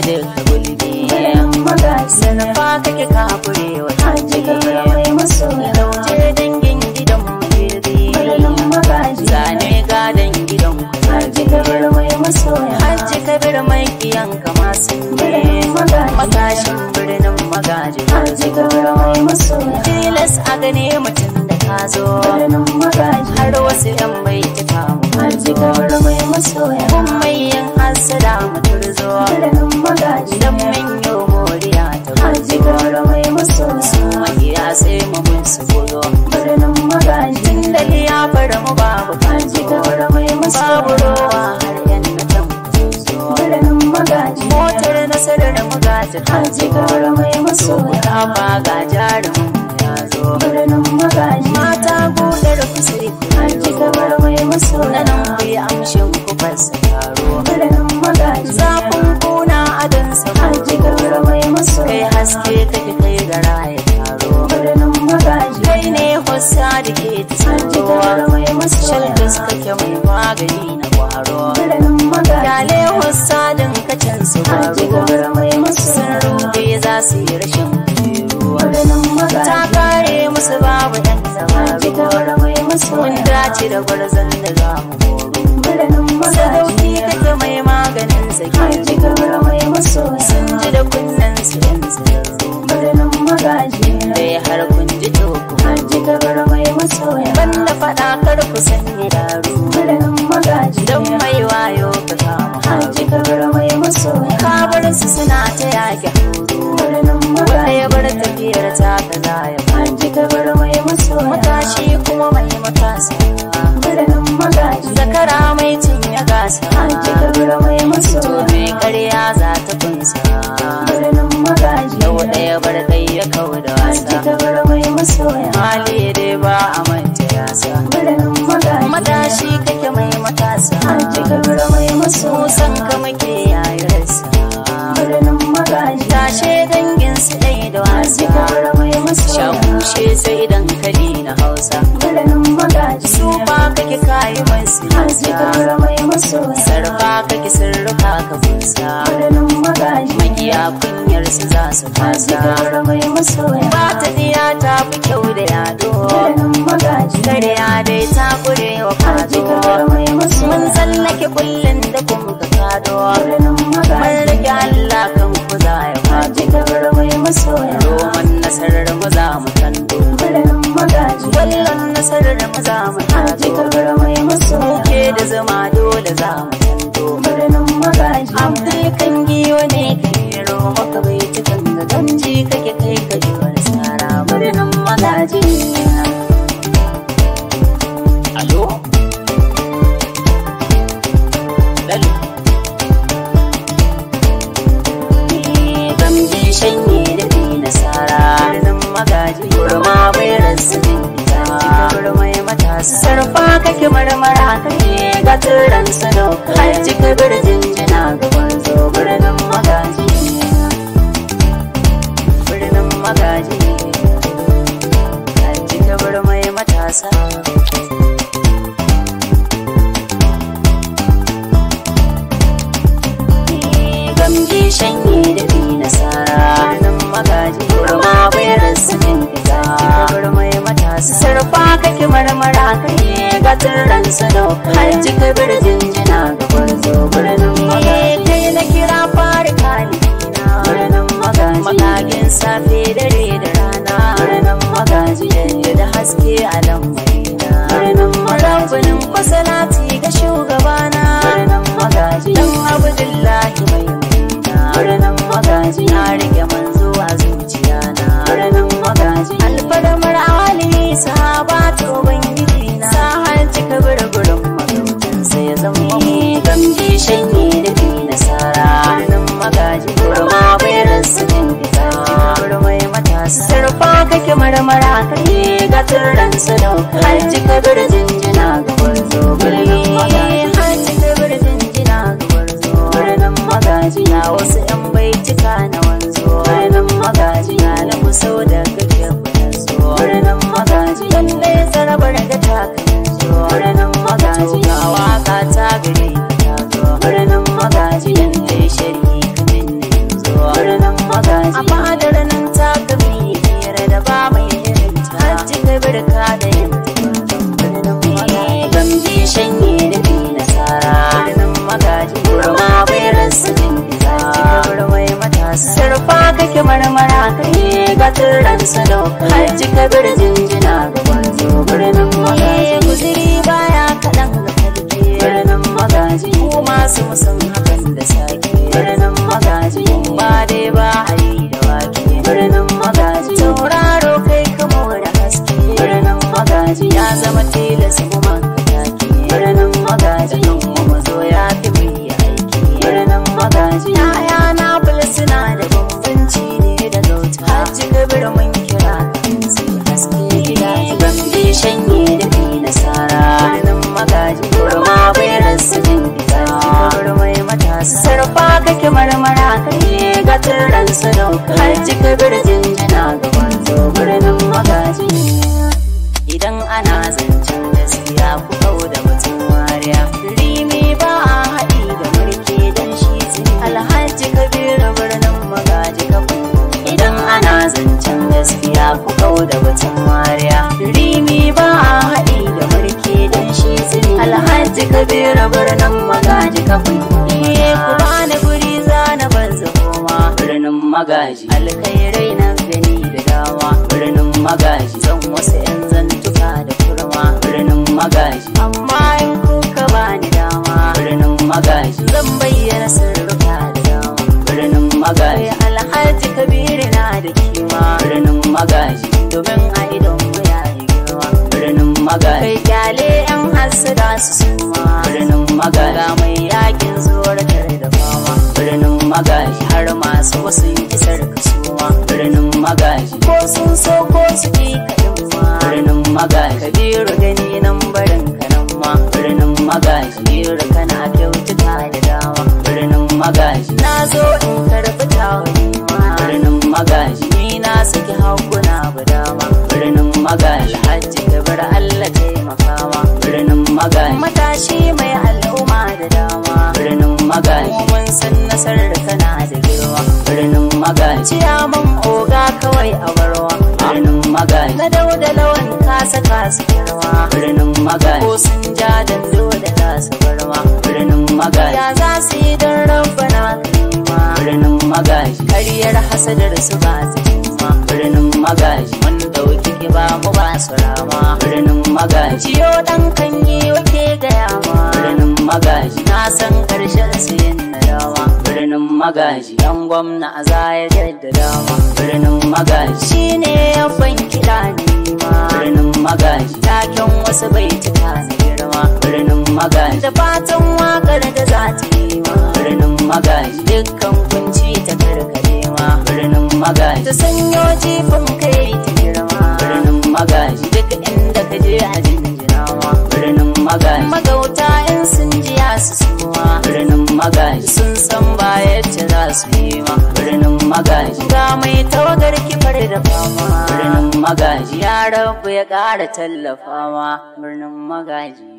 kuma da gulbi. Sanar fa kake kafure. ta taji mai masoya. ba ga jarin ya zo birnin mata gudar kusuri taji gaura mai nan amshin ku fasa yaro birnin zafin kuna adon sa taji mai kai haske kake kai gara ya taro birnin kai ne hossa da ke tsarowa shan kake mai magani na kwaro birnin magaji dale hossa din kacin su kwaro za su yi rashin ta kare musu babu ɗan zama mun dace da gwarzon da za mu goro sadauki kake mai maganin zaki sun ji da kunnen tasa kika bira mai maso mai karya za ta kunsa birnin magaji yau ɗaya bar ɗai ya kawo da wasa kika bira mai maso ya hali dai ba a manta yasa birnin magaji matashi kake mai matasa kika bira mai maso Kusan ka muke yayarsa birnin magaji tashe dangin su ɗai da wasa kika bira mai maso shakushe sai dankali musu sarfa kake sarrafa ka fusa wadannan magaji makiya kunyar su za su fasa ba ta biya ta fi kyau da yado kare ya dai ta kure wa fado mun tsallake kullun da kun ka kado mun rike Allah kan ku za ya fado roman nasarar mu za mu tando kullun nasarar mu za mu Bakar jinjina ga birnin magaji Birnin magaji Gamji shanye da na nasara Birnin magaji Burma birin su fita Birmai matasa Sarfa kake marmara kai ga turran sanau Har cike birnin jina ga kwanzo But I kake marmara kai ga turan sadauka har ji kabir jinjina ga gwarzo birnin magaji har ji kabir jinjina ga gwarzo birnin magaji na wasu yan baitika na wanzo birnin magaji na na kuso da kake kudan so birnin magaji lalle sarabar da ta kan birnin magaji ga waka ta gare ta zo birnin magaji lalle shari'i kamin ne zo birnin magaji a fadar na ɗauki marmara kai ga da salo har jika birjin jina gaban zo birnin magaji eh, guziri baya kaɗan ga karke birnin magaji ko masu musan hakan da sake birnin magaji ba dai ba hari da wake birnin magaji tauraro kai kamo da haske birnin magaji ya zama tilas kuma ka take birnin magaji yi marmara kai ga turan sadauka har cika birjin jina ga wanzo birnin magaji idan ana zancen gaskiya ku kau da mutum wariya rimi ba a haɗi da mulki don shi su alhaji kabiru birnin magaji kafu idan ana zancen gaskiya ku kau da mutum wariya rimi ba a haɗi da mulki don shi su alhaji kabiru birnin magaji kafu magaji alkhairai na gani da dama birnin magaji zan wasu yan zantuka da kurma birnin magaji amma in kuka bani dama birnin magaji zan bayyana sirruka da dama birnin magaji alhaji kabiri na da kima birnin magaji domin a idon mu ya yi girma birnin magaji kai kyale yan hasada su suma birnin magaji ga mai yakin zuwar tare magaji har masu wasu isar kasuwa birnin magaji ko sun so ko su ji kaɗin ma birnin magaji kabiru gani nan barin kanan ma birnin magaji kabiru kana kyautuka da dama birnin magaji na zo in karɓi tawani ma birnin magaji ni na saki hakuna ba dama birnin magaji hajji da bar Allah taimakawa. birnin magaji matashi mai al'umma da dama birnin magaji mun san nasarar magan ciyaman oga kawai a barwa birnin magani na dauda lawan kasa kasa yarwa. birnin magan ko sun ja da da kasa barma birnin magani ya za su yi don rabbana kalima birnin magan kariyar hasadar su ba ma birnin magan mun ɗauki kiba mu ba su rama birnin magani ciyo dan magaji yan gwamna a zaya da dama birnin magaji shi ne yabban kiɗa ne ma birnin magaji taken wasu bai ta ne girma birnin magaji da fatan wakar da za ta yi ma birnin magaji dukkan kunci ta karkare ma birnin magaji ta sanyo jifin kai ta ya ƙara tallafawa birnin magaji.